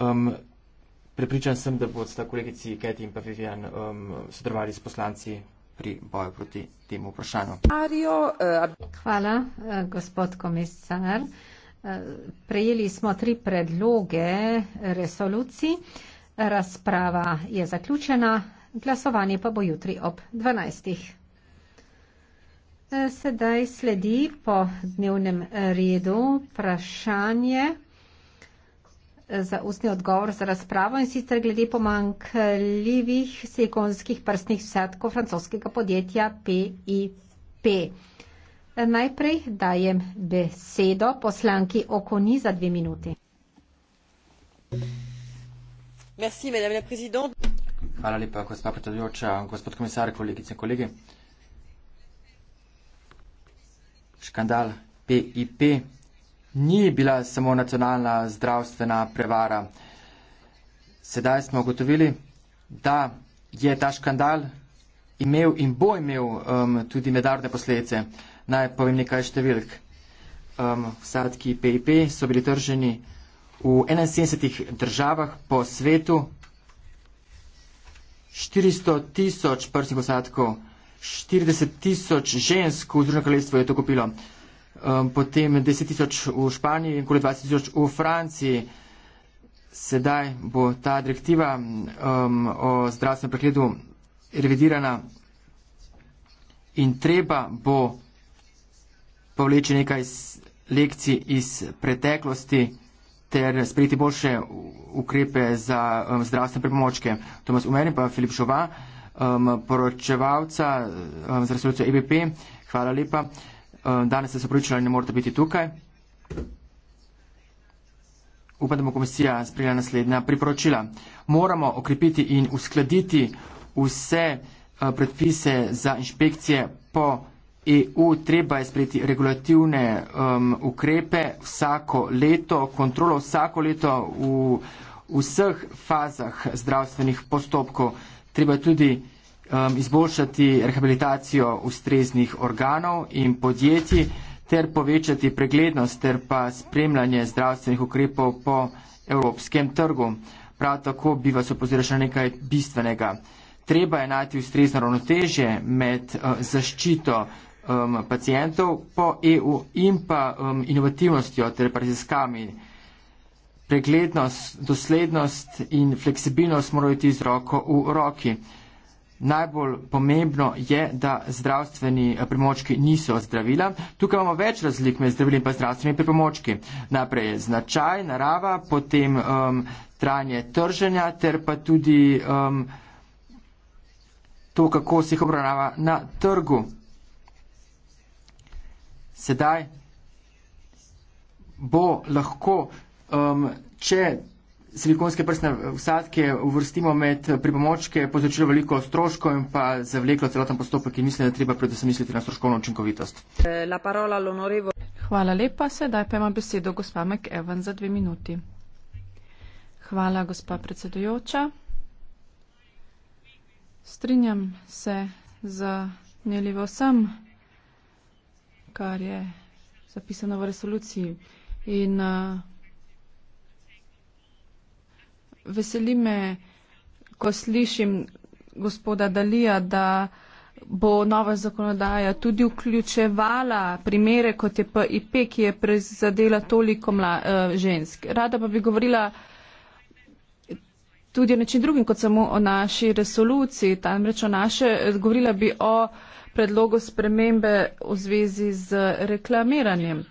Um, prepričan sem, da bodo sta kolegici Keti in pa Vivian um, sodelovali s poslanci pri boju proti temu vprašanju. Eh, Hvala, eh, gospod komisar. Eh, prejeli smo tri predloge resolucij. Razprava je zaključena, glasovanje pa bo jutri ob 12. Sedaj sledi po dnevnem redu vprašanje za ustni odgovor za razpravo in sicer glede pomankljivih sekonskih prstnih vsadkov francoskega podjetja PIP. Najprej dajem besedo poslanki Okoni za dve minuti. Merci, la Hvala lepa, gospod predsedujoča, gospod komisar, kolegice in kolegi. Škandal PIP ni bila samo nacionalna zdravstvena prevara. Sedaj smo ugotovili, da je ta škandal imel in bo imel um, tudi medarne posledice. Naj povem nekaj številk. Um, vsadki PIP so bili trženi v 71 državah po svetu. 400 tisoč prstnih posadkov, 40 tisoč žensk v Združenem kraljestvu je to kupilo. Um, potem 10 tisoč v Španiji in koli 20 tisoč v Franciji. Sedaj bo ta direktiva um, o zdravstvenem pregledu revidirana in treba bo povleči nekaj lekcij iz preteklosti ter sprejeti boljše ukrepe za um, zdravstvene pripomočke. To vas umenim, pa Filip Šova, um, poročevalca um, z resolucijo EBP. Hvala lepa. Eh, danes ste se pripričali, da ne morete biti tukaj. Upam, da bo komisija sprejela naslednja priporočila. Moramo okrepiti in uskladiti vse eh, predpise za inšpekcije po EU. Treba je sprejeti regulativne um, ukrepe vsako leto, kontrolo vsako leto v vseh fazah zdravstvenih postopkov. Treba je tudi um, izboljšati rehabilitacijo ustreznih organov in podjetij ter povečati preglednost ter pa spremljanje zdravstvenih ukrepov po evropskem trgu. Prav tako bi vas opozoril še nekaj bistvenega. Treba je najti ustrezno ravnotežje med uh, zaščito um, pacijentov po EU in pa um, inovativnostjo ter raziskami. Preglednost, doslednost in fleksibilnost morajo biti z roko v roki najbolj pomembno je, da zdravstveni eh, pripomočki niso zdravila. Tukaj imamo več razlik med zdravili in pa zdravstvenimi pripomočki. Najprej je značaj, narava, potem um, trajanje trženja ter pa tudi um, to, kako se jih obravnava na trgu. Sedaj bo lahko, um, če silikonske prsne vsadke uvrstimo med pripomočke, povzročilo veliko stroškov in pa zavleklo celoten postopek in mislim, da treba predvsem misliti na stroškovno učinkovitost. Hvala lepa, sedaj pa ima besedo gospa McEwan za dve minuti. Hvala, gospa predsedujoča. Strinjam se z neljivo sem, kar je zapisano v resoluciji. In, uh, Veseli me, ko slišim gospoda Dalija, da bo nova zakonodaja tudi vključevala primere, kot je PIP, ki je prezadela toliko mla, uh, žensk. Rada pa bi govorila tudi o nečem drugim, kot samo o naši resoluciji. Tam reč o naše, govorila bi o predlogu spremembe v zvezi z reklamiranjem.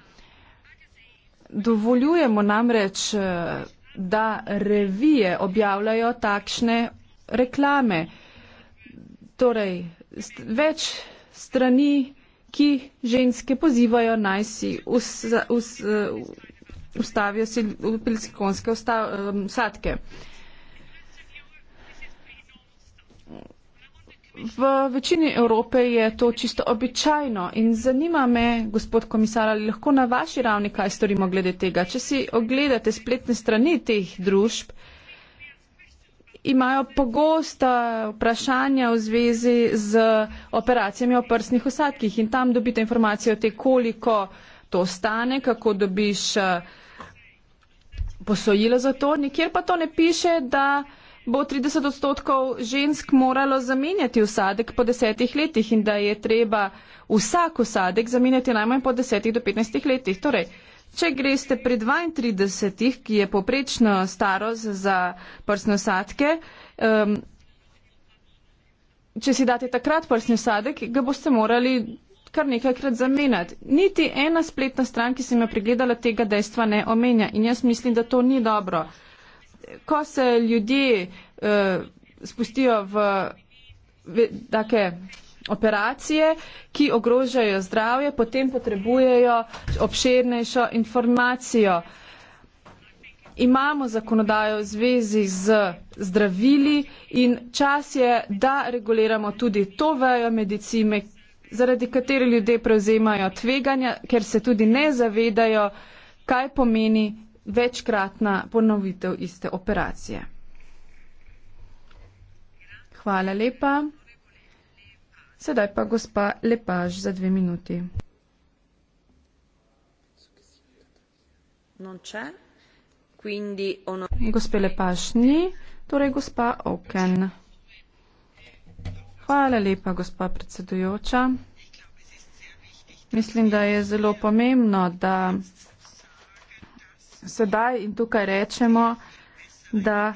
Dovoljujemo namreč. Uh, da revije objavljajo takšne reklame. Torej, st več strani, ki ženske pozivajo naj si ustavijo silikonske um, sadke. Um, V večini Evrope je to čisto običajno in zanima me, gospod komisar, ali lahko na vaši ravni kaj storimo glede tega. Če si ogledate spletne strani teh družb, imajo pogosta vprašanja v zvezi z operacijami o prsnih osadkih in tam dobite informacije o te, koliko to stane, kako dobiš eh, posojilo za to. Nikjer pa to ne piše, da bo 30 odstotkov žensk moralo zamenjati usadek po desetih letih in da je treba vsak usadek zamenjati najmanj po desetih do petnajstih letih. Torej, če greste pri 32, ki je poprečno starost za prsne usadke, um, če si date takrat prsni usadek, ga boste morali kar nekajkrat zamenjati. Niti ena spletna stran, ki sem jo pregledala, tega dejstva ne omenja in jaz mislim, da to ni dobro ko se ljudje uh, spustijo v take operacije, ki ogrožajo zdravje, potem potrebujejo obširnejšo informacijo. Imamo zakonodajo v zvezi z zdravili in čas je, da reguliramo tudi to vejo medicine, zaradi katere ljudje prevzemajo tveganja, ker se tudi ne zavedajo, kaj pomeni večkratna ponovitev iste operacije. Hvala lepa. Sedaj pa gospa Lepaž za dve minuti. Gospe Lepaž ni, torej gospa Oken. Hvala lepa, gospa predsedujoča. Mislim, da je zelo pomembno, da sedaj in tukaj rečemo, da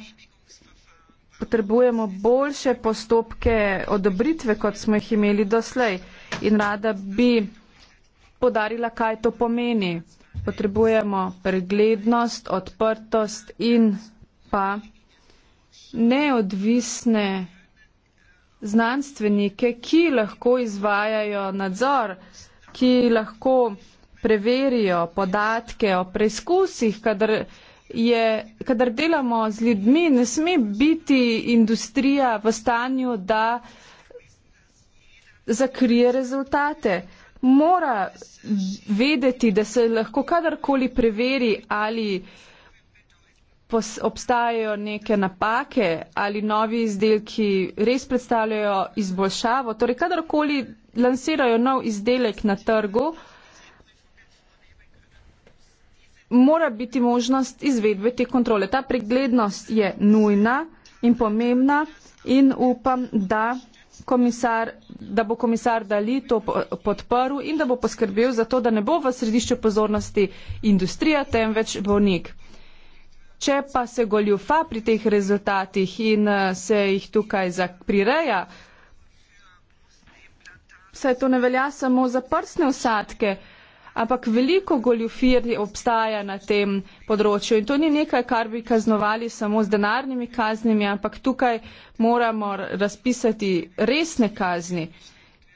potrebujemo boljše postopke odobritve, kot smo jih imeli doslej. In rada bi podarila, kaj to pomeni. Potrebujemo preglednost, odprtost in pa neodvisne znanstvenike, ki lahko izvajajo nadzor, ki lahko preverijo podatke o preizkusih, kadar, je, kadar delamo z ljudmi, ne sme biti industrija v stanju, da zakrije rezultate. Mora vedeti, da se lahko kadarkoli preveri, ali obstajajo neke napake ali novi izdelki res predstavljajo izboljšavo. Torej, kadarkoli lansirajo nov izdelek na trgu, mora biti možnost izvedbe te kontrole. Ta preglednost je nujna in pomembna in upam, da, komisar, da bo komisar Dali to podprl in da bo poskrbel za to, da ne bo v središču pozornosti industrija, temveč bolnik. Če pa se goljufa pri teh rezultatih in se jih tukaj prireja, saj to ne velja samo za prsne usadke, ampak veliko goljufir obstaja na tem področju in to ni nekaj, kar bi kaznovali samo z denarnimi kaznimi, ampak tukaj moramo razpisati resne kazni.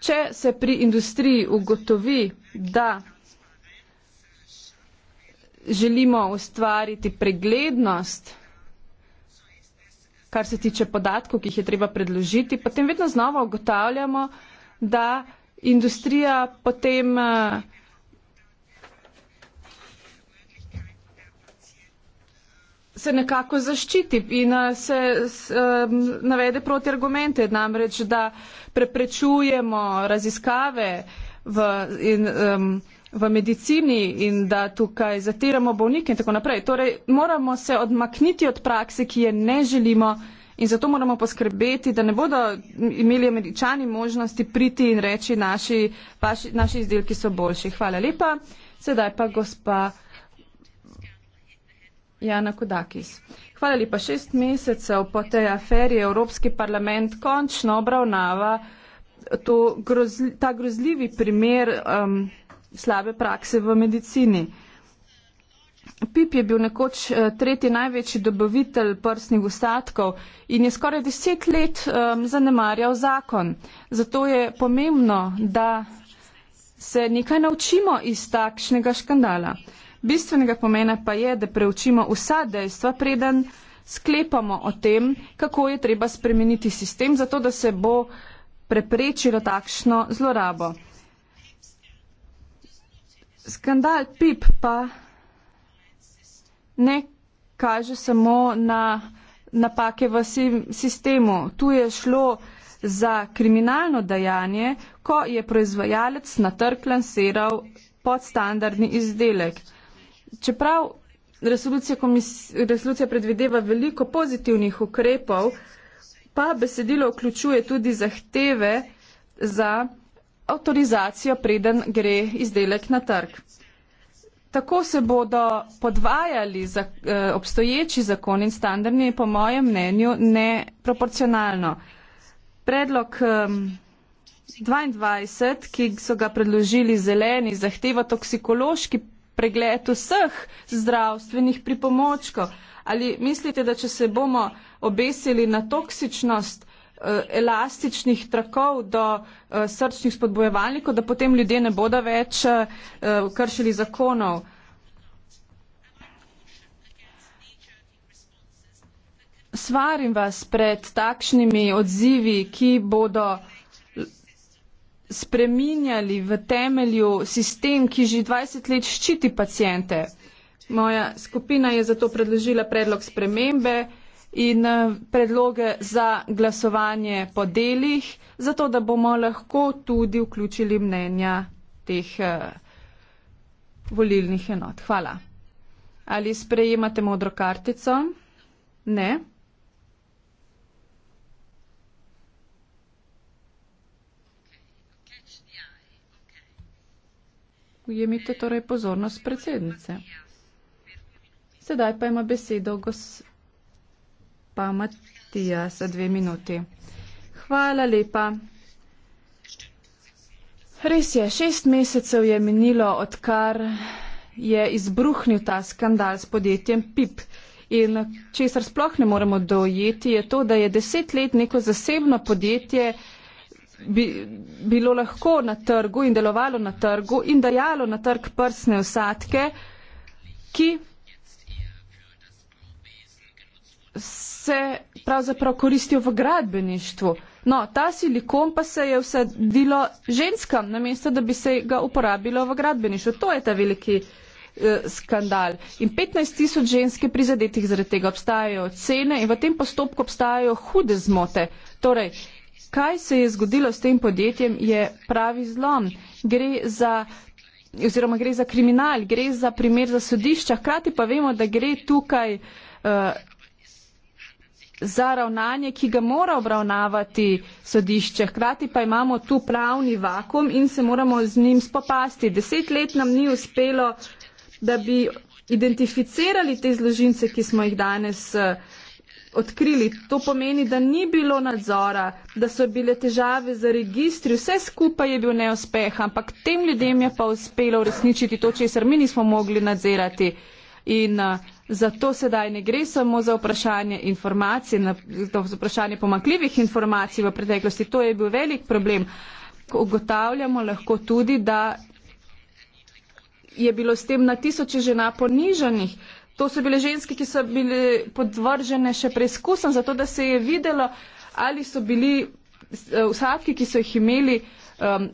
Če se pri industriji ugotovi, da želimo ustvariti preglednost, kar se tiče podatkov, ki jih je treba predložiti, potem vedno znova ugotavljamo, da industrija potem uh, se nekako zaščiti in eh, se navede proti argumente, namreč, da preprečujemo raziskave v, in, um, v medicini in da tukaj zatiramo bolnike in tako naprej. Torej, moramo se odmakniti od prakse, ki je ne želimo in zato moramo poskrbeti, da ne bodo imeli američani možnosti priti in reči, naši, vaši, naši izdelki so boljši. Hvala lepa. Sedaj pa gospa. Jana Kodakis. Hvala lepa. Šest mesecev po tej aferi Evropski parlament končno obravnava grozli, ta grozljivi primer um, slabe prakse v medicini. PIP je bil nekoč eh, tretji največji dobavitelj prsnih ostatkov in je skoraj deset let um, zanemarjal zakon. Zato je pomembno, da se nekaj naučimo iz takšnega škandala. Bistvenega pomena pa je, da preučimo vsa dejstva preden sklepamo o tem, kako je treba spremeniti sistem, zato da se bo preprečilo takšno zlorabo. Skandal PIP pa ne kaže samo na napake v sistemu. Tu je šlo za kriminalno dajanje, ko je proizvajalec na trg lansiral podstandardni izdelek čeprav resolucija, resolucija predvideva veliko pozitivnih ukrepov, pa besedilo vključuje tudi zahteve za avtorizacijo, preden gre izdelek na trg. Tako se bodo podvajali za, eh, obstoječi zakon in standardni, po mojem mnenju, neproporcionalno. Predlog eh, 22, ki so ga predložili zeleni, zahteva toksikološki pregled vseh zdravstvenih pripomočkov. Ali mislite, da če se bomo obesili na toksičnost eh, elastičnih trakov do eh, srčnih spodbojevalnikov, da potem ljudje ne bodo več eh, kršili zakonov? Svarim vas pred takšnimi odzivi, ki bodo spreminjali v temelju sistem, ki že 20 let ščiti pacijente. Moja skupina je zato predložila predlog spremembe in eh, predloge za glasovanje po delih, zato da bomo lahko tudi vključili mnenja teh eh, volilnih enot. Hvala. Ali sprejemate modro kartico? Ne. Ujemite torej pozornost predsednice. Sedaj pa ima besedo gospa Matija za dve minuti. Hvala lepa. Res je, šest mesecev je minilo, odkar je izbruhnil ta skandal s podjetjem PIP. In česar sploh ne moremo dojeti, je to, da je deset let neko zasebno podjetje bi bilo lahko na trgu in delovalo na trgu in dajalo na trg prsne vsadke, ki se pravzaprav koristijo v gradbeništvu. No, ta silikon pa se je vsadilo ženskam, namesto da bi se ga uporabilo v gradbeništvu. To je ta veliki eh, skandal. In 15 tisoč žensk je prizadetih zaradi tega. Obstajajo cene in v tem postopku obstajajo hude zmote. Torej, kaj se je zgodilo s tem podjetjem, je pravi zlom. Gre za oziroma gre za kriminal, gre za primer za sodišča, hkrati pa vemo, da gre tukaj uh, za ravnanje, ki ga mora obravnavati sodišče. Hkrati pa imamo tu pravni vakum in se moramo z njim spopasti. Deset let nam ni uspelo, da bi identificirali te zložince, ki smo jih danes uh, odkrili. To pomeni, da ni bilo nadzora, da so bile težave za registri, vse skupaj je bil neuspeh, ampak tem ljudem je pa uspelo uresničiti to, česar mi nismo mogli nadzirati. In uh, zato sedaj ne gre samo za vprašanje informacij, za vprašanje pomakljivih informacij v preteklosti, to je bil velik problem. Ugotavljamo lahko tudi, da je bilo s tem na tisoče žena ponižanih, uh, To so bile ženske, ki so bile podvržene še preizkusom, zato da se je videlo, ali so bili eh, vsadki, ki so jih imeli, um,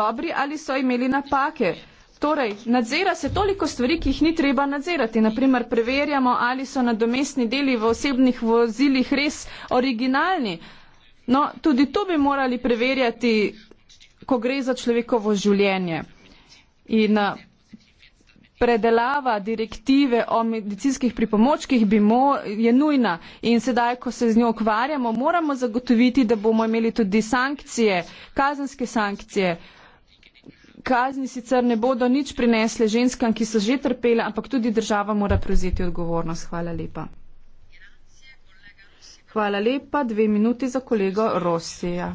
dobri ali so imeli napake. Torej, nadzira se toliko stvari, ki jih ni treba nadzirati. Naprimer, preverjamo, ali so nadomestni deli v osebnih vozilih res originalni. No, tudi to bi morali preverjati, ko gre za človekovo življenje. In, uh, predelava direktive o medicinskih pripomočkih bi mo, je nujna in sedaj, ko se z njo ukvarjamo, moramo zagotoviti, da bomo imeli tudi sankcije, kazenske sankcije. Kazni sicer ne bodo nič prinesle ženskam, ki so že trpele, ampak tudi država mora prevzeti odgovornost. Hvala lepa. Hvala lepa. Dve minuti za kolego Rosija.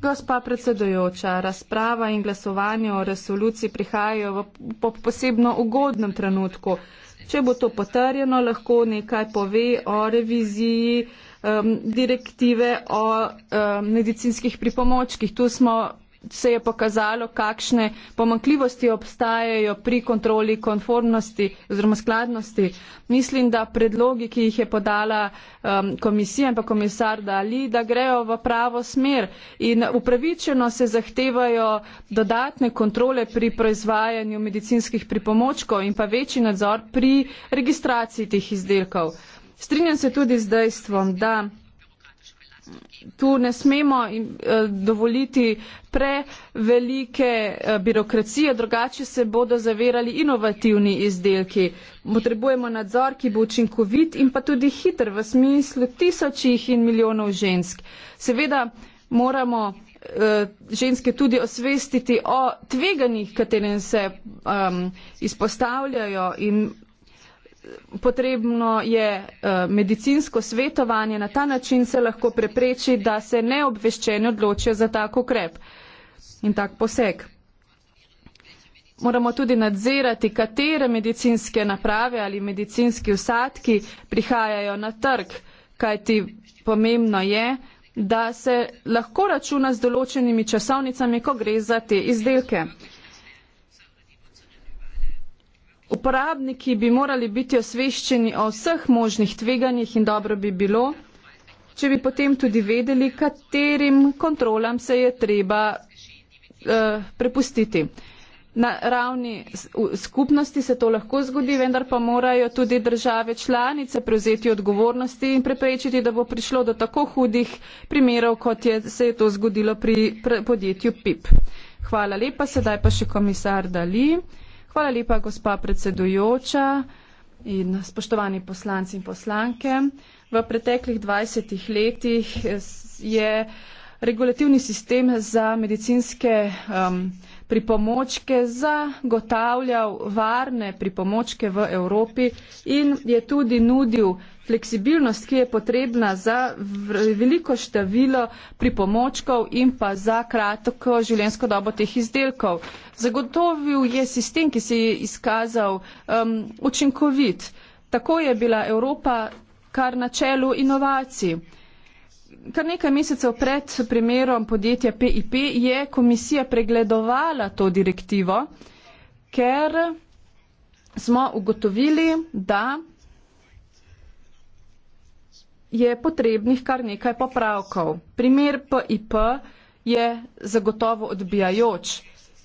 Gospa predsedujoča, razprava in glasovanje o resoluciji prihajajo v po posebno ugodnem trenutku. Če bo to potrjeno, lahko nekaj pove o reviziji um, direktive o um, medicinskih pripomočkih. Tu smo se je pokazalo, kakšne pomankljivosti obstajajo pri kontroli konformnosti oziroma skladnosti. Mislim, da predlogi, ki jih je podala um, komisija in pa komisar Dali, da grejo v pravo smer in upravičeno se zahtevajo dodatne kontrole pri proizvajanju medicinskih pripomočkov in pa večji nadzor pri registraciji teh izdelkov. Strinjam se tudi z dejstvom, da tu ne smemo eh, dovoliti prevelike eh, birokracije, drugače se bodo zavirali inovativni izdelki. Potrebujemo nadzor, ki bo učinkovit in pa tudi hiter v smislu tisočih in milijonov žensk. Seveda moramo eh, ženske tudi osvestiti o tveganjih, katerim se um, izpostavljajo in potrebno je eh, medicinsko svetovanje, na ta način se lahko prepreči, da se neobveščeni odločijo za tak ukrep in tak poseg. Moramo tudi nadzirati, katere medicinske naprave ali medicinski usadki prihajajo na trg, kajti pomembno je, da se lahko računa z določenimi časovnicami, ko gre za te izdelke. Uporabniki bi morali biti osveščeni o vseh možnih tveganjih in dobro bi bilo, če bi potem tudi vedeli, katerim kontrolam se je treba eh, prepustiti. Na ravni skupnosti se to lahko zgodi, vendar pa morajo tudi države članice prevzeti odgovornosti in preprečiti, da bo prišlo do tako hudih primerov, kot je, se je to zgodilo pri podjetju PIP. Hvala lepa, sedaj pa še komisar Dali. Hvala lepa, gospa predsedujoča in spoštovani poslanci in poslanke. V preteklih 20 letih je regulativni sistem za medicinske um, pripomočke, zagotavljal varne pripomočke v Evropi in je tudi nudil fleksibilnost, ki je potrebna za veliko število pripomočkov in pa za kratko eh, življensko dobo teh izdelkov. Zagotovil je sistem, ki se je izkazal um, učinkovit. Tako je bila Evropa kar na čelu inovacij kar nekaj mesecev pred primerom podjetja PIP je komisija pregledovala to direktivo, ker smo ugotovili, da je potrebnih kar nekaj popravkov. Primer PIP je zagotovo odbijajoč.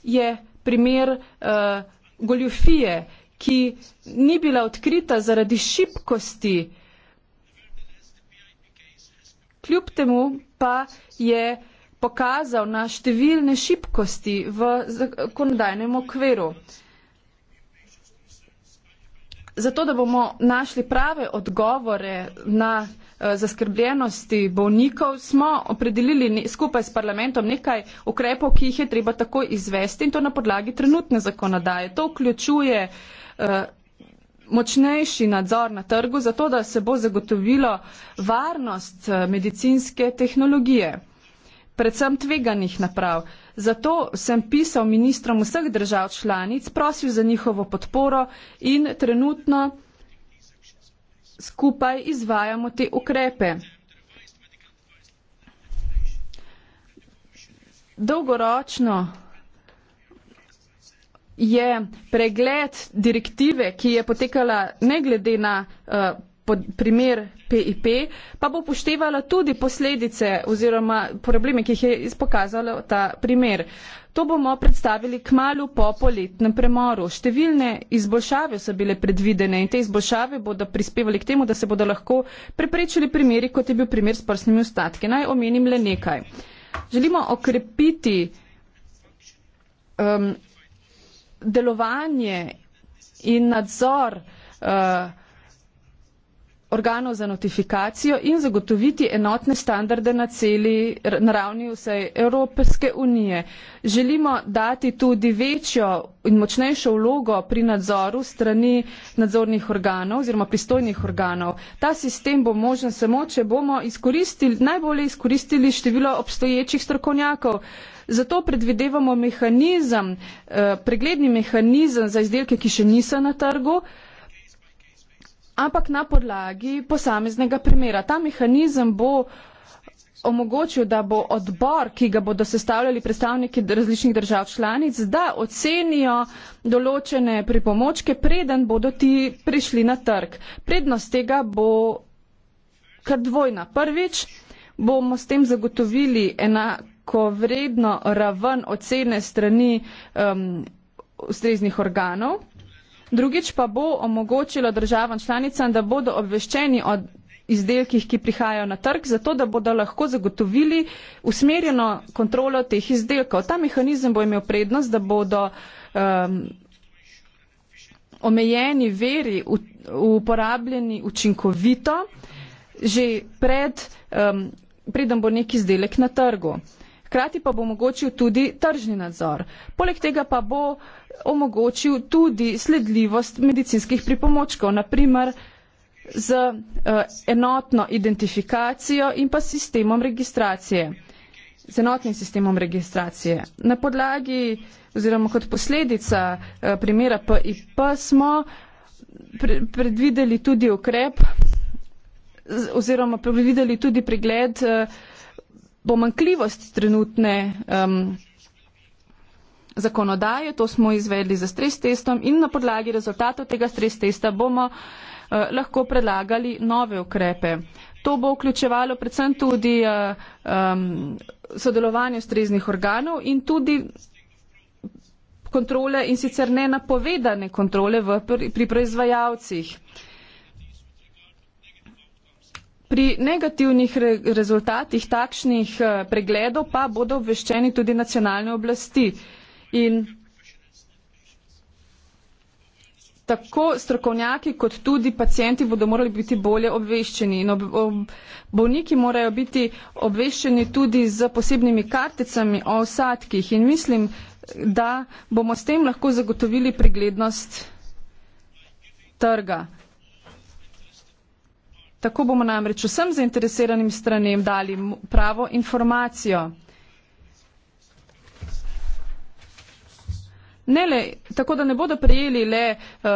Je primer uh, goljufije, ki ni bila odkrita zaradi šibkosti uh, kljub temu pa je pokazal na številne šibkosti v zakonodajnem okviru. Zato, da bomo našli prave odgovore na eh, zaskrbljenosti bolnikov, smo opredelili skupaj s parlamentom nekaj ukrepov, ki jih je treba tako izvesti in to na podlagi trenutne zakonodaje. To vključuje eh, močnejši nadzor na trgu, zato da se bo zagotovilo varnost eh, medicinske tehnologije, predvsem tveganih naprav. Zato sem pisal ministrom vseh držav članic, prosil za njihovo podporo in trenutno skupaj izvajamo te ukrepe. Dolgoročno je pregled direktive, ki je potekala ne glede na uh, pod, primer PIP, pa bo poštevala tudi posledice oziroma probleme, ki jih je izpokazala ta primer. To bomo predstavili k malu po poletnem premoru. Številne izboljšave so bile predvidene in te izboljšave bodo prispevali k temu, da se bodo lahko preprečili primeri, kot je bil primer s prsnimi ostatki. Naj omenim le nekaj. Želimo okrepiti um, delovanje in nadzor uh, organov za notifikacijo in zagotoviti enotne standarde na celi ravni vse Evropske unije. Želimo dati tudi večjo in močnejšo vlogo pri nadzoru strani nadzornih organov oziroma pristojnih organov. Ta sistem bo možen samo, če bomo izkoristili, najbolje izkoristili število obstoječih strokovnjakov. Zato predvidevamo mehanizem, eh, pregledni mehanizem za izdelke, ki še niso na trgu, ampak na podlagi posameznega primera. Ta mehanizem bo omogočil, da bo odbor, ki ga bodo sestavljali predstavniki različnih držav članic, da ocenijo določene pripomočke, preden bodo ti prišli na trg. Prednost tega bo kar dvojna. Prvič bomo s tem zagotovili enako vredno raven ocene strani um, ustreznih organov drugič pa bo omogočilo državam članicam, da bodo obveščeni o izdelkih, ki prihajajo na trg, zato da bodo lahko zagotovili usmerjeno kontrolo teh izdelkov. Ta mehanizem bo imel prednost, da bodo um, omejeni veri v, uporabljeni učinkovito že pred, um, predem bo nek izdelek na trgu. Uh, Hkrati pa bo omogočil tudi tržni nadzor. Poleg tega pa bo omogočil tudi sledljivost medicinskih pripomočkov, naprimer z eh, enotno identifikacijo in pa sistemom registracije. Z enotnim sistemom registracije. Na podlagi oziroma kot posledica eh, primera PIP smo predvideli tudi ukrep oziroma predvideli tudi pregled eh, pomankljivost trenutne um, zakonodaje, to smo izvedli za stres testom in na podlagi rezultatov tega stres testa bomo uh, lahko predlagali nove ukrepe. To bo vključevalo predvsem tudi uh, um, sodelovanje streznih organov in tudi kontrole in sicer nenapovedane kontrole v, pri, pri proizvajalcih. Uh, Pri negativnih re rezultatih takšnih uh, pregledov pa bodo obveščeni tudi nacionalne oblasti. In tako strokovnjaki kot tudi pacijenti bodo morali biti bolje obveščeni. Ob ob bolniki morajo biti obveščeni tudi z posebnimi karticami o osadkih in mislim, da bomo s tem lahko zagotovili preglednost trga. Tako bomo namreč vsem zainteresiranim stranem dali pravo informacijo. Ne le, tako da ne bodo prejeli le uh,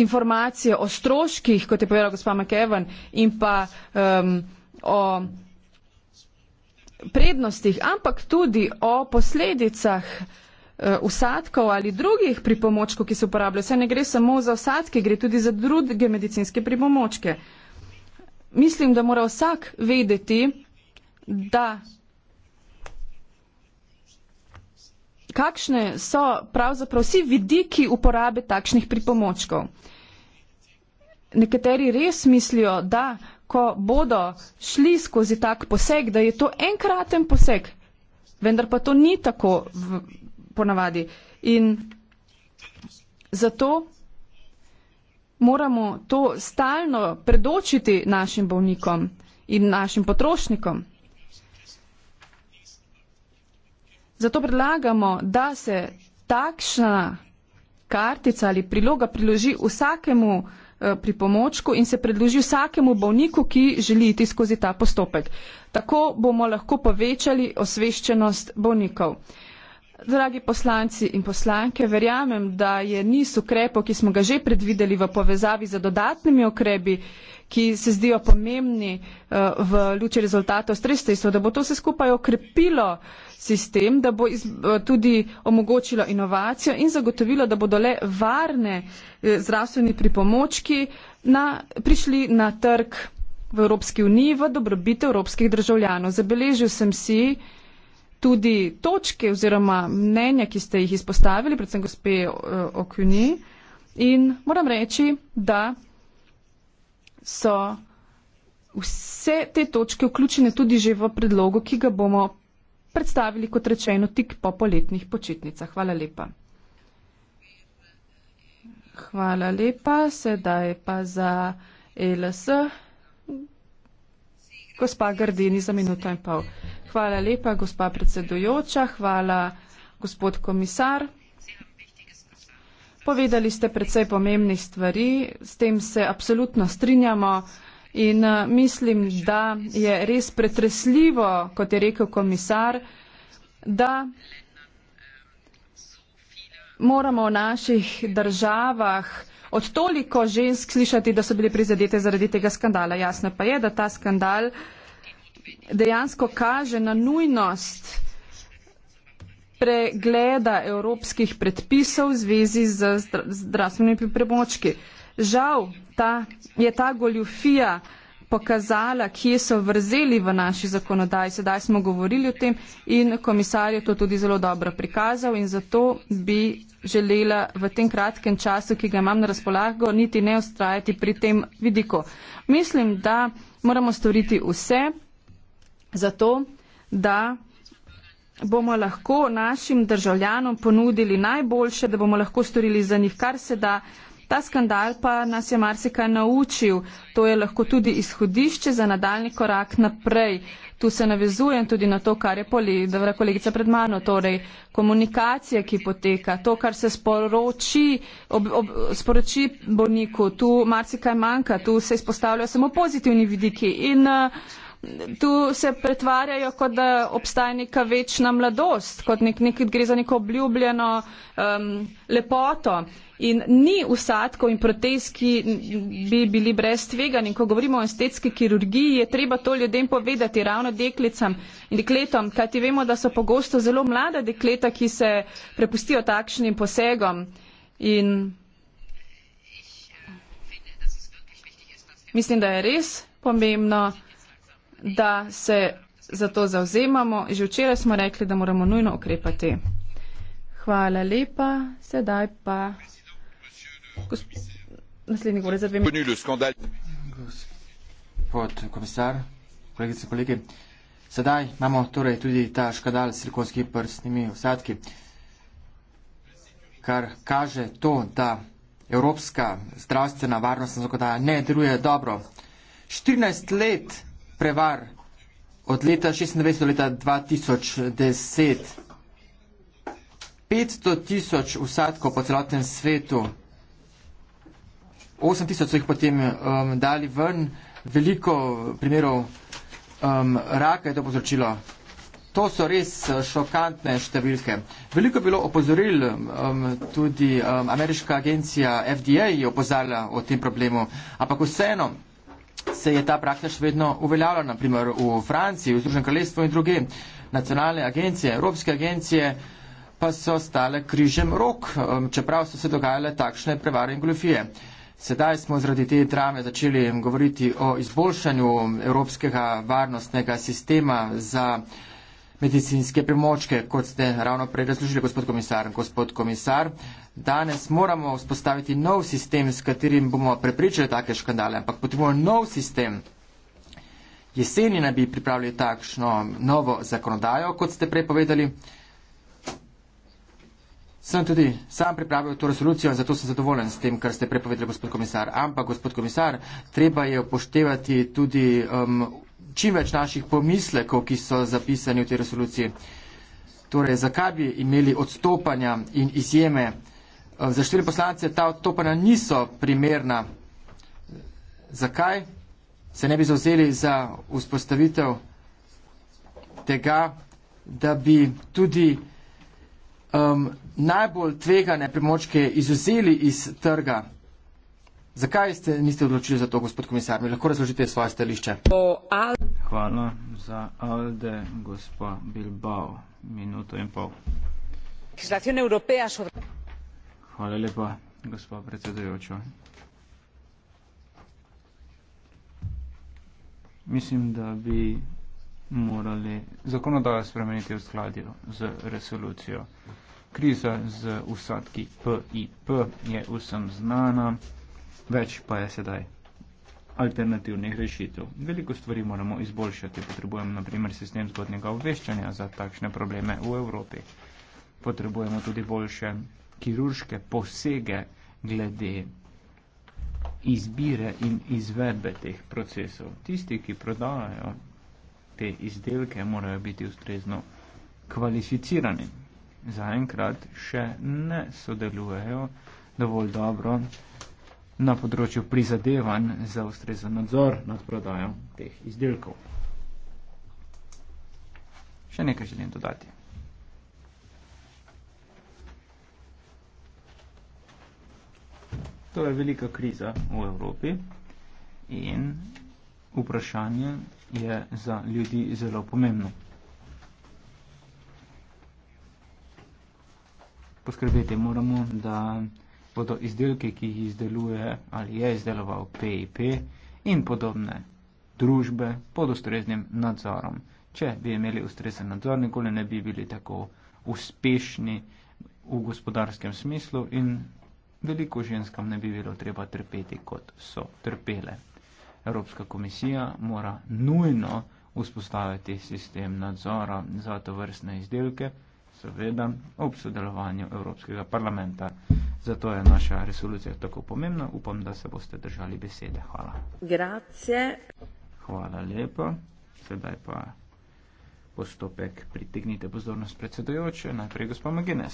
informacije o stroških, kot je povedala gospa McEwan, in pa um, o prednostih, ampak tudi o posledicah uh, usadkov ali drugih pripomočkov, ki se uporabljajo. Saj ne gre samo za usadke, gre tudi za druge medicinske pripomočke. Uh, mislim, da mora vsak vedeti, da kakšne so pravzaprav vsi vidiki uporabe takšnih pripomočkov. Nekateri res mislijo, da ko bodo šli skozi tak poseg, da je to enkraten poseg, vendar pa to ni tako v, ponavadi. In zato moramo to stalno predočiti našim bolnikom in našim potrošnikom. Zato predlagamo, da se takšna kartica ali priloga priloži vsakemu eh, pri pomočku in se predloži vsakemu bolniku, ki želi iti skozi ta postopek. Tako bomo lahko povečali osveščenost bolnikov dragi poslanci in poslanke verjamem da je niz ukrepov ki smo ga že predvideli v povezavi z dodatnimi ukrepi ki se zdijo pomembni eh, v luči rezultatov stresstestov da bo to vse skupaj okrepilo sistem da bo eh, tudi omogočilo inovacijo in zagotovilo da bodo le varne eh, zdravstveni pripomočki na, prišli na trg v Evropski uniji v dobrobit evropskih državljanov. Zabeležil sem si, tudi točke oziroma mnenja, ki ste jih izpostavili, predvsem gospe eh, Okuni. In moram reči, da so vse te točke vključene tudi že v predlogu, ki ga bomo predstavili kot rečeno tik po poletnih počitnicah. Hvala lepa. Hvala lepa, sedaj pa za ELS gospa Gardini za minuto in pol. Hvala lepa, gospa predsedujoča, hvala, gospod komisar. Povedali ste predvsej pomembnih stvari, s tem se absolutno strinjamo in eh, mislim, da je res pretresljivo, kot je rekel komisar, da moramo v naših državah od toliko žensk slišati, da so bile prizadete zaradi tega skandala. Jasno pa je, da ta skandal dejansko kaže na nujnost pregleda evropskih predpisov v zvezi z zdravstvenimi pripomočki. Žal ta, je ta goljufija pokazala, kje so vrzeli v naši zakonodaji. Sedaj smo govorili o tem in komisar je to tudi zelo dobro prikazal in zato bi želela v tem kratkem času, ki ga imam na razpolago, niti ne ustrajati pri tem vidiku. Mislim, da moramo storiti vse za to, da bomo lahko našim državljanom ponudili najboljše, da bomo lahko storili za njih kar se da, Ta skandal pa nas je marsikaj naučil. To je lahko tudi izhodišče za nadaljni korak naprej. Tu se navezujem tudi na to, kar je poli, dobra kolegica pred mano, torej komunikacija, ki poteka, to, kar se sporoči, ob, ob, sporoči boniku. Tu marsikaj manjka, tu se izpostavljajo samo pozitivni vidiki. In, uh, tu se pretvarjajo, kot da obstaja neka večna mladost, kot nek, nek, gre za neko obljubljeno um, lepoto. In ni usadkov in protez, ki bi bili brez tvega. In ko govorimo o estetski kirurgiji, je treba to ljudem povedati, ravno deklicam in dekletom, kajti vemo, da so pogosto zelo mlada dekleta, ki se prepustijo takšnim posegom. In mislim, da je res pomembno, da se za to zavzemamo. Že včeraj smo rekli, da moramo nujno ukrepati. Hvala lepa. Sedaj pa. Gosp... Naslednji govori za dve minuti. Gospod komisar, kolegice in kolegi, sedaj imamo torej tudi ta škadal s silikonskimi prstnimi osadki, kar kaže to, da evropska zdravstvena varnostna zakonodaja ne deluje dobro. 14 let prevar od leta 96 do leta 2010. 500 tisoč usadkov po celotnem svetu, 8 tisoč so jih potem um, dali ven, veliko primerov um, raka je to povzročilo. To so res uh, šokantne številke. Veliko je bilo opozoril, um, tudi um, ameriška agencija FDA je opozarjala o tem problemu, ampak vseeno se je ta praksa še vedno uveljavljala, naprimer v Franciji, v Združenem kraljestvu in druge nacionalne agencije, evropske agencije pa so stale križem rok, um, čeprav so se dogajale takšne prevare in glufije. Sedaj smo zaradi te drame začeli govoriti o izboljšanju evropskega varnostnega sistema za medicinske premočke, kot ste ravno prej razložili, gospod komisar. Gospod komisar, uh, danes moramo vzpostaviti nov sistem, s katerim bomo prepričali take škandale, ampak potrebujemo nov sistem. Jeseni naj bi pripravili takšno novo zakonodajo, kot ste prej povedali. Sem tudi sam pripravil to resolucijo in zato sem zadovoljen s tem, kar ste prepovedali, gospod komisar. Ampak, gospod komisar, treba je upoštevati tudi um, čim več naših pomislekov, ki so zapisani v tej resoluciji. Torej, zakaj bi imeli odstopanja in izjeme? Eh, za štiri poslance ta odstopanja niso primerna. Zakaj se ne bi zauzeli za vzpostavitev tega, da bi tudi um, najbolj tvegane premočke izuzeli iz trga? Zakaj ste niste odločili za to, gospod komisar? Mi lahko razložite svoje stališče. Hvala za Alde, gospod Bilbao. Minuto in pol. Hvala lepa, gospod predsedujočo. Mislim, da bi morali zakonodajo spremeniti v skladju z resolucijo. Kriza z usadki PIP je vsem znana, več pa je sedaj alternativnih rešitev. Veliko stvari moramo izboljšati, potrebujemo naprimer sistem zgodnega obveščanja za takšne probleme v Evropi. Potrebujemo tudi boljše kirurške posege glede izbire in izvedbe teh procesov. Tisti, ki prodajajo te izdelke, morajo biti ustrezno kvalificirani. Zaenkrat še ne sodelujejo dovolj dobro na področju prizadevanj za ustrezen nadzor nad prodajo teh izdelkov. Še nekaj želim dodati. To je velika kriza v Evropi in vprašanje je za ljudi zelo pomembno. Poskrbeti moramo, da bodo izdelke, ki jih izdeluje ali je izdeloval PIP in podobne družbe pod ustreznim nadzorom. Če bi imeli ustrezen nadzor, nikoli ne bi bili tako uspešni v gospodarskem smislu in veliko ženskam ne bi bilo treba trpeti, kot so trpele. Evropska komisija mora nujno vzpostaviti sistem nadzora za to vrstne izdelke, seveda ob sodelovanju Evropskega parlamenta. Zato je naša resolucija tako pomembna. Upam, da se boste držali besede. Hvala. Grazie. Hvala lepa. Sedaj pa postopek pritegnite pozornost predsedojoče. Najprej gospod Magines.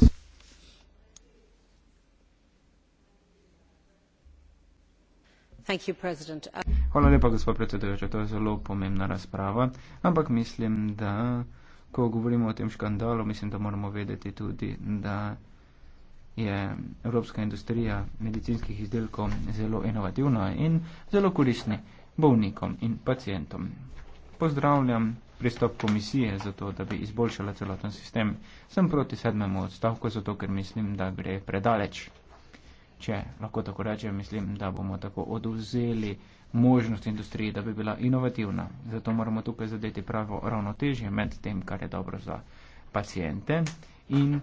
Uh, Hvala lepa, gospod predsedujoča. To je zelo pomembna razprava. Ampak mislim, da ko govorimo o tem škandalu, mislim, da moramo vedeti tudi, da je evropska industrija medicinskih izdelkov zelo inovativna in zelo koristna bolnikom in pacijentom. Pozdravljam pristop komisije za to, da bi izboljšala celoten sistem. Sem proti sedmemu odstavku, zato ker mislim, da gre predaleč če lahko tako rečem, mislim, da bomo tako oduzeli možnost industriji, da bi bila inovativna. Zato moramo tukaj zadeti pravo ravnotežje med tem, kar je dobro za pacijente in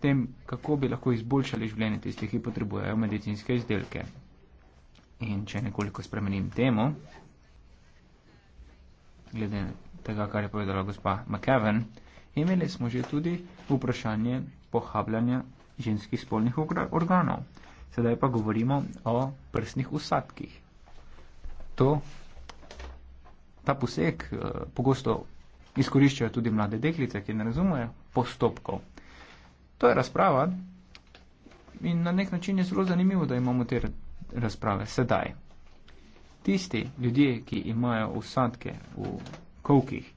tem, kako bi lahko izboljšali življenje tistih, ki potrebujejo medicinske izdelke. In če nekoliko spremenim temo, glede tega, kar je povedala gospa McKeven, imeli smo že tudi vprašanje pohabljanja ženskih spolnih organov. Sedaj pa govorimo o prsnih usadkih. To, ta poseg eh, pogosto izkoriščajo tudi mlade deklice, ki ne razumejo postopkov. To je razprava in na nek način je zelo zanimivo, da imamo te razprave sedaj. Tisti ljudje, ki imajo usadke v kovkih,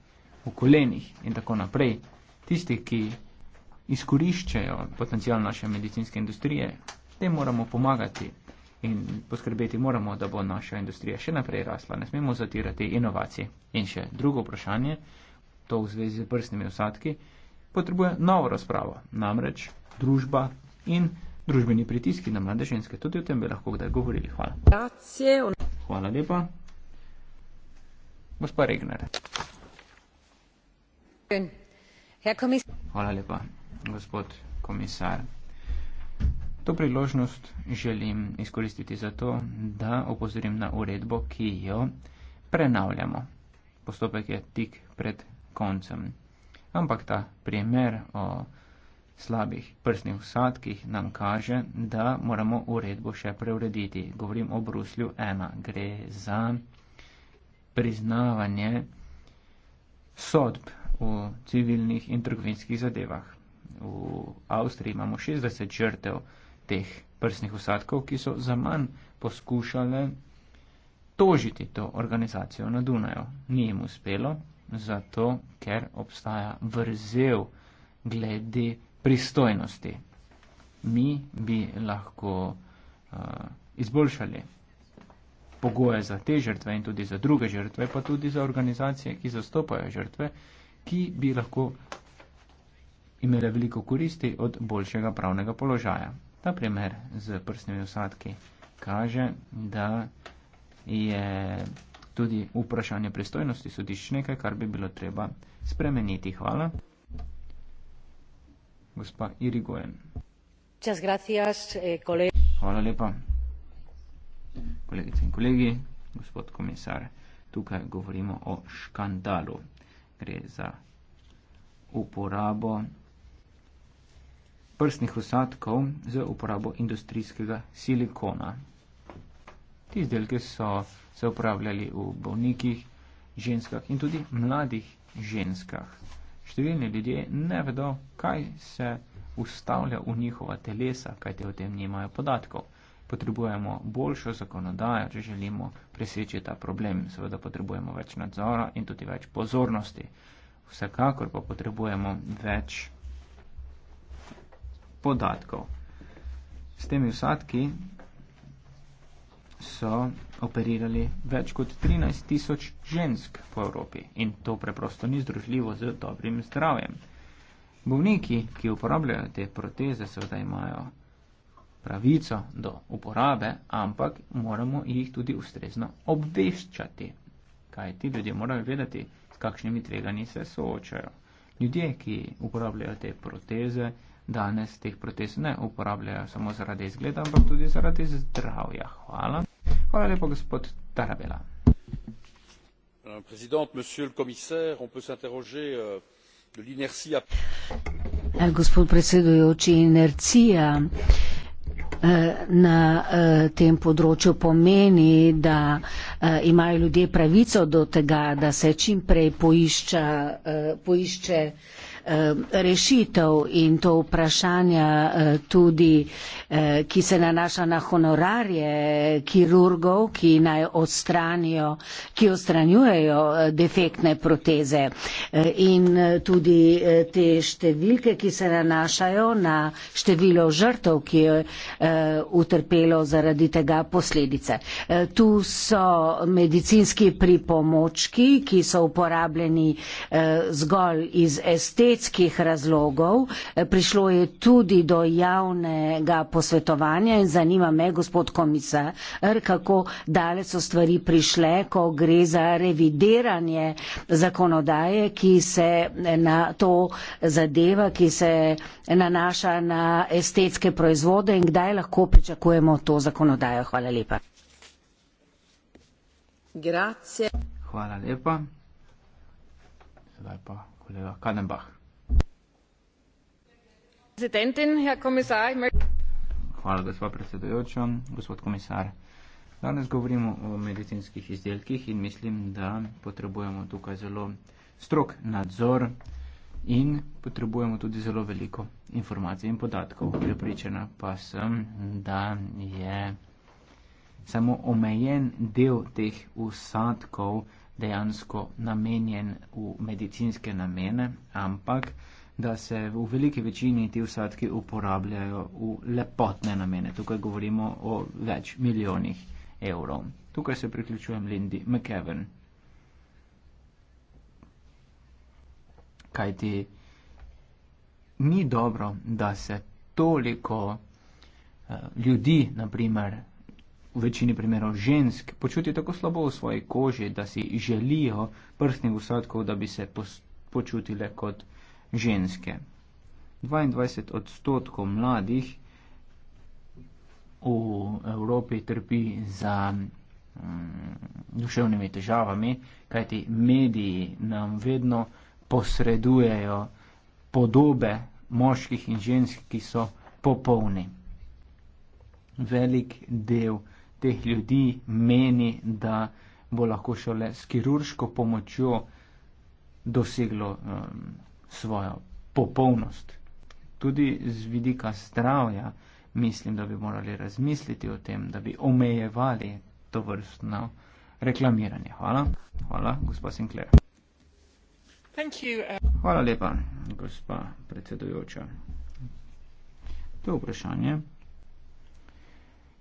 v kolenih in tako naprej, tisti, ki izkoriščajo potencial naše medicinske industrije, tem moramo pomagati in poskrbeti moramo, da bo naša industrija še naprej rasla. Ne smemo zatirati inovacij. In še drugo vprašanje, to v zvezi z prstnimi usadki, potrebuje novo razpravo. Namreč družba in družbeni pritiski na mlade ženske. Tudi o tem bi lahko kdaj govorili. Hvala. Hvala lepa. Gospa Regner. Hvala lepa, gospod komisar. To priložnost želim izkoristiti zato, da opozorim na uredbo, ki jo prenavljamo. Postopek je tik pred koncem. Ampak ta primer o slabih prsnih vsadkih nam kaže, da moramo uredbo še preurediti. Govorim o Bruslju 1. Gre za priznavanje sodb v civilnih in trgovinskih zadevah. V Avstriji imamo 60 žrtev teh prsnih usadkov, ki so za manj poskušale tožiti to organizacijo na Dunaju. Ni jim uspelo, zato ker obstaja vrzel glede pristojnosti. Mi bi lahko uh, izboljšali pogoje za te žrtve in tudi za druge žrtve, pa tudi za organizacije, ki zastopajo žrtve, ki bi lahko imele veliko koristi od boljšega pravnega položaja. Ta primer z prstnimi osadki kaže, da je tudi vprašanje pristojnosti sodišč nekaj, kar bi bilo treba spremeniti. Hvala. Gospa Irigojen. Eh, Hvala lepa. Kolegice in kolegi, gospod komisar, tukaj govorimo o škandalu. Gre za uporabo prstnih osadkov z uporabo industrijskega silikona. Ti izdelke so se uporabljali v bolnikih, ženskah in tudi mladih ženskah. Številni ljudje ne vedo, kaj se ustavlja v njihova telesa, kaj te o tem nimajo podatkov. Potrebujemo boljšo zakonodajo, če želimo preseči ta problem. Seveda potrebujemo več nadzora in tudi več pozornosti. Vsekakor pa potrebujemo več podatkov. S temi vsadki so operirali več kot 13 tisoč žensk po Evropi in to preprosto ni združljivo z dobrim zdravjem. Bovniki, ki uporabljajo te proteze, seveda imajo pravico do uporabe, ampak moramo jih tudi ustrezno obveščati, kaj ti ljudje morajo vedeti, s kakšnimi tveganji se soočajo. Ljudje, ki uporabljajo te proteze, danes teh protez ne uporabljajo samo zaradi izgleda, ampak tudi zaradi zdravja. Hvala. Hvala lepo, gospod Tarabela. Euh, eh, gospod predsedujoči, inercija eh, na eh, tem področju pomeni, da imajo ljudje pravico do tega, da se čim prej poišče. poišče Eh, rešitev in to vprašanja eh, tudi, eh, ki se nanaša na honorarje kirurgov, ki naj odstranijo, ki odstranjujejo defektne proteze in tudi te številke, ki se nanašajo na število žrtev, ki je utrpelo zaradi tega posledice. Tu so medicinski pripomočki, ki so uporabljeni zgolj iz estetike, estetskih razlogov. Eh, prišlo je tudi do javnega posvetovanja in zanima me, gospod komisar, kako dalec so stvari prišle, ko gre za revideranje zakonodaje, ki se eh, na to zadeva, ki se nanaša na estetske proizvode in kdaj lahko pričakujemo to zakonodajo. Hvala lepa. Grazie. Hvala lepa. Zdaj pa kolega Kanenbach. Hvala, gospa predsedujoča, gospod komisar. Danes govorimo o medicinskih izdelkih in mislim, da potrebujemo tukaj zelo strok nadzor in potrebujemo tudi zelo veliko informacij in podatkov. Pripričana pa sem, da je samo omejen del teh usadkov dejansko namenjen v medicinske namene, ampak da se v veliki večini ti vsadki uporabljajo v lepotne namene. Tukaj govorimo o več milijonih evrov. Tukaj se priključujem Lindy McKevin. Kaj ti ni dobro, da se toliko eh, ljudi, naprimer v večini primerov žensk, počuti tako slabo v svoji koži, da si želijo prstnih vsadkov, da bi se počutile kot ženske. 22 odstotkov mladih v Evropi trpi za mm, duševnimi težavami, kajti mediji nam vedno posredujejo podobe moških in žensk, ki so popolni. Velik del teh ljudi meni, da bo lahko šele s kirurško pomočjo doseglo um, svojo popolnost. Tudi z vidika zdravja mislim, da bi morali razmisliti o tem, da bi omejevali to vrstno reklamiranje. Hvala. Hvala, gospa Sinclair. Uh, Hvala lepa, gospa predsedujoča. To vprašanje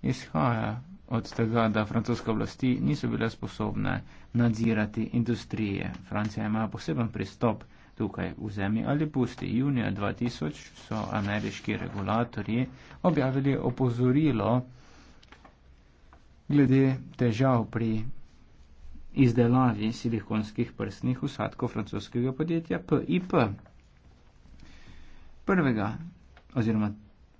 izhaja od tega, da francoske oblasti niso bile sposobne nadzirati industrije. Francija ima poseben pristop tukaj vzemi ali pusti. Junija 2000 so ameriški regulatorji objavili opozorilo glede težav pri izdelavi silikonskih prsnih usadkov francoskega podjetja PIP. 1. oziroma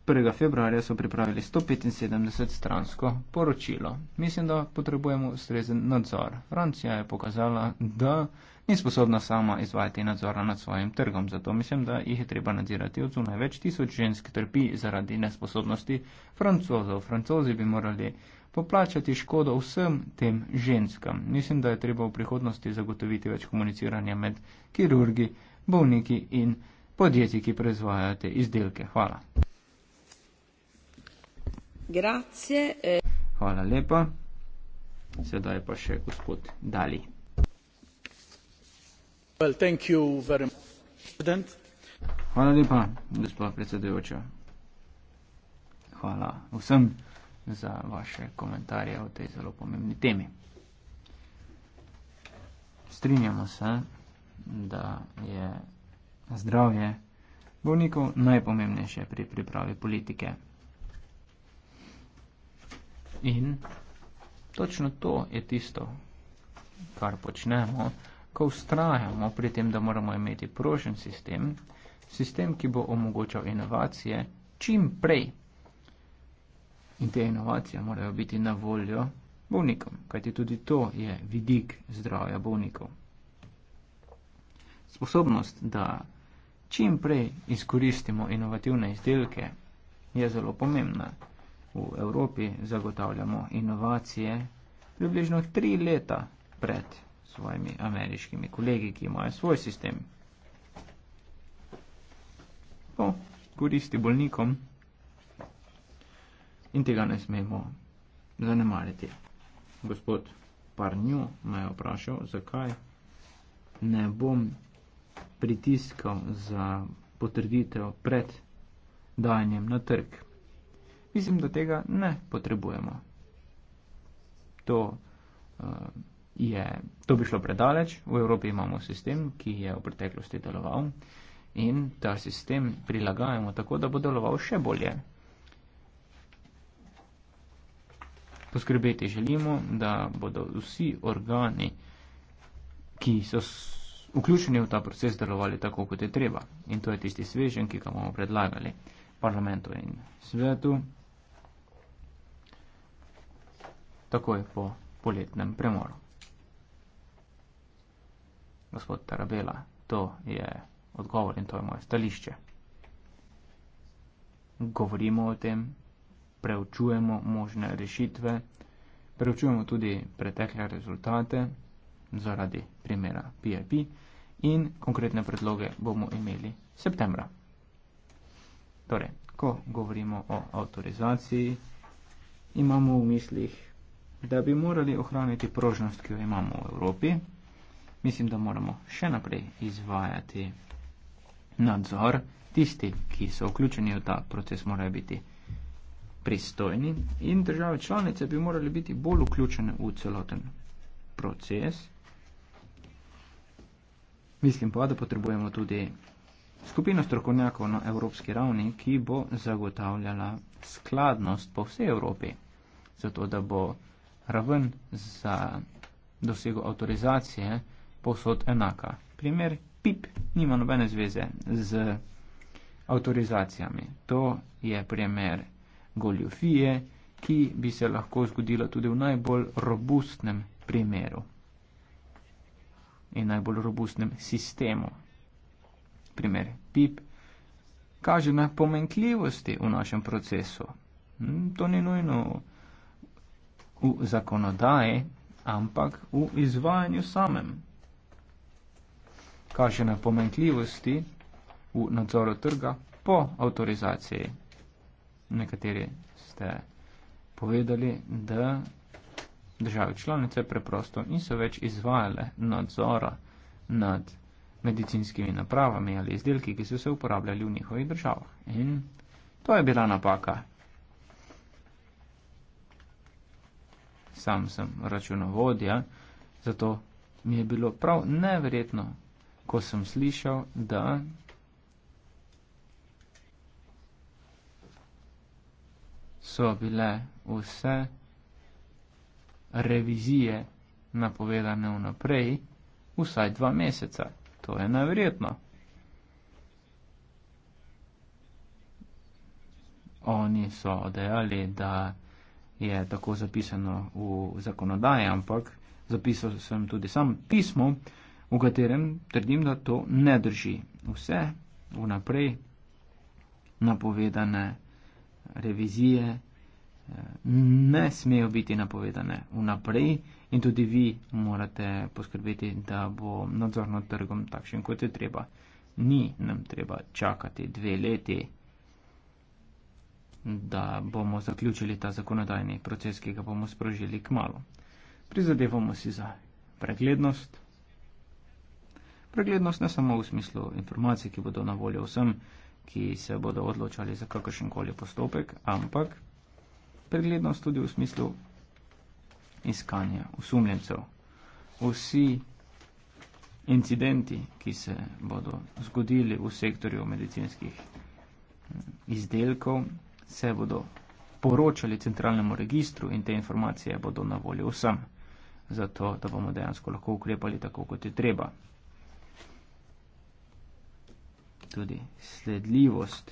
1. februarja so pripravili 175 stransko poročilo. Mislim, da potrebujemo ustrezen nadzor. Francija je pokazala, da in sposobna sama izvajati nadzora nad svojim trgom. Zato mislim, da jih je treba nadzirati od zunaj. Več tisoč žensk trpi zaradi nesposobnosti francozov. Francozi bi morali poplačati škodo vsem tem ženskam. Mislim, da je treba v prihodnosti zagotoviti več komuniciranja med kirurgi, bolniki in podjetji, ki proizvajajo te izdelke. Hvala. Grazie. Eh. Hvala lepa. Sedaj pa še gospod Dali. Hvala lepa, gospod predsedujoča. Hvala vsem za vaše komentarje o tej zelo pomembni temi. Strinjamo se, da je zdravje bolnikov najpomembnejše pri pripravi politike. In točno to je tisto, kar počnemo ko ustrajamo pri tem, da moramo imeti prožen sistem, sistem, ki bo omogočal inovacije čim prej. In te inovacije morajo biti na voljo bolnikom, kajti tudi to je vidik zdravja bolnikov. Sposobnost, da čim prej izkoristimo inovativne izdelke, je zelo pomembna. V Evropi zagotavljamo inovacije približno tri leta pred svojimi ameriškimi kolegi, ki imajo svoj sistem. To koristi bolnikom in tega ne smemo zanemariti. Gospod Parnju me je vprašal, zakaj ne bom pritiskal za potrditev pred dajanjem na trg. Mislim, da tega ne potrebujemo. To uh, je to bi šlo predaleč. V Evropi imamo sistem, ki je v preteklosti deloval in ta sistem prilagajamo tako, da bo deloval še bolje. Poskrbeti želimo, da bodo vsi organi, ki so vključeni v ta proces, delovali tako, kot je treba. In to je tisti svežen, ki ga bomo predlagali parlamentu in svetu takoj po poletnem premoru gospod Tarabela. To je odgovor in to je moje stališče. Govorimo o tem, preučujemo možne rešitve, preučujemo tudi pretekle rezultate zaradi primera PIP in konkretne predloge bomo imeli septembra. Torej, ko govorimo o avtorizaciji, imamo v mislih, da bi morali ohraniti prožnost, ki jo imamo v Evropi mislim, da moramo še naprej izvajati nadzor. Tisti, ki so vključeni v ta proces, morajo biti pristojni in države članice bi morali biti bolj vključene v celoten proces. Mislim pa, da potrebujemo tudi skupino strokovnjakov na evropski ravni, ki bo zagotavljala skladnost po vsej Evropi, zato da bo raven za dosego avtorizacije posod enaka. Primer pip nima nobene zveze z avtorizacijami. To je primer goljofije, ki bi se lahko zgodila tudi v najbolj robustnem primeru in najbolj robustnem sistemu. Primer pip kaže na pomenkljivosti v našem procesu. Hm, to ni nujno v zakonodaji, ampak v izvajanju samem kaže na pomenkljivosti v nadzoru trga po avtorizaciji. Nekateri ste povedali, da države članice preprosto niso več izvajale nadzora nad medicinskimi napravami ali izdelki, ki so se uporabljali v njihovih državah. In to je bila napaka. Sam sem računovodja, zato mi je bilo prav neverjetno ko sem slišal, da so bile vse revizije napovedane vnaprej vsaj dva meseca. To je najverjetno. Oni so dejali, da je tako zapisano v zakonodaji, ampak zapisal sem tudi sam pismo, uh, v katerem trdim, da to ne drži. Vse vnaprej napovedane revizije eh, ne smejo biti napovedane vnaprej in tudi vi morate poskrbeti, da bo nadzor nad trgom takšen, kot je treba. Ni nam treba čakati dve leti, da bomo zaključili ta zakonodajni proces, ki ga bomo sprožili k malu. Prizadevamo si za preglednost preglednost ne samo v smislu informacij, ki bodo na voljo vsem, ki se bodo odločali za kakršen koli postopek, ampak preglednost tudi v smislu iskanja usumljencev. Vsi incidenti, ki se bodo zgodili v sektorju medicinskih mm, izdelkov, se bodo poročali centralnemu registru in te informacije bodo na voljo vsem, zato da bomo dejansko lahko ukrepali tako, kot je treba tudi sledljivost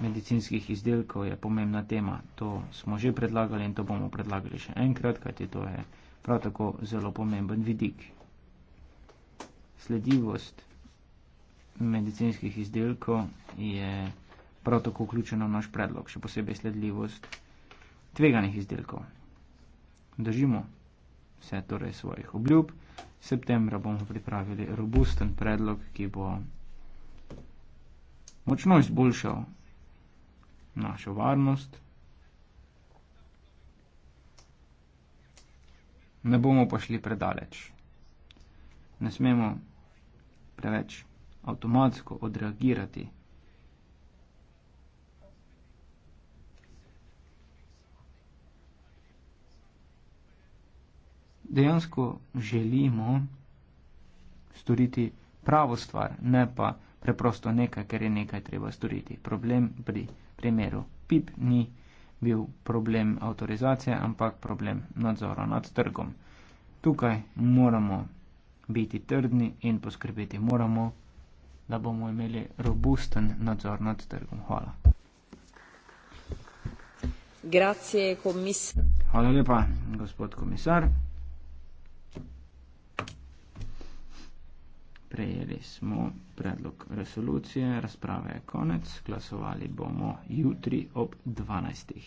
medicinskih izdelkov je pomembna tema. To smo že predlagali in to bomo predlagali še enkrat, kajti to je prav tako zelo pomemben vidik. Sledljivost medicinskih izdelkov je prav tako vključena v naš predlog, še posebej sledljivost tveganih izdelkov. Držimo vse torej svojih obljub. Septembra bomo pripravili robusten predlog, ki bo močno izboljšal našo varnost. Ne bomo pa šli predaleč. Ne smemo preveč avtomatsko odreagirati. Dejansko želimo storiti pravo stvar, ne pa preprosto nekaj, ker je nekaj treba storiti. Problem pri primeru PIP ni bil problem avtorizacije, ampak problem nadzora nad trgom. Tukaj moramo biti trdni in poskrbeti moramo, da bomo imeli robusten nadzor nad trgom. Hvala. Grazie, Hvala lepa, gospod komisar. Prejeli smo predlog resolucije, razprave je konec, glasovali bomo jutri ob 12.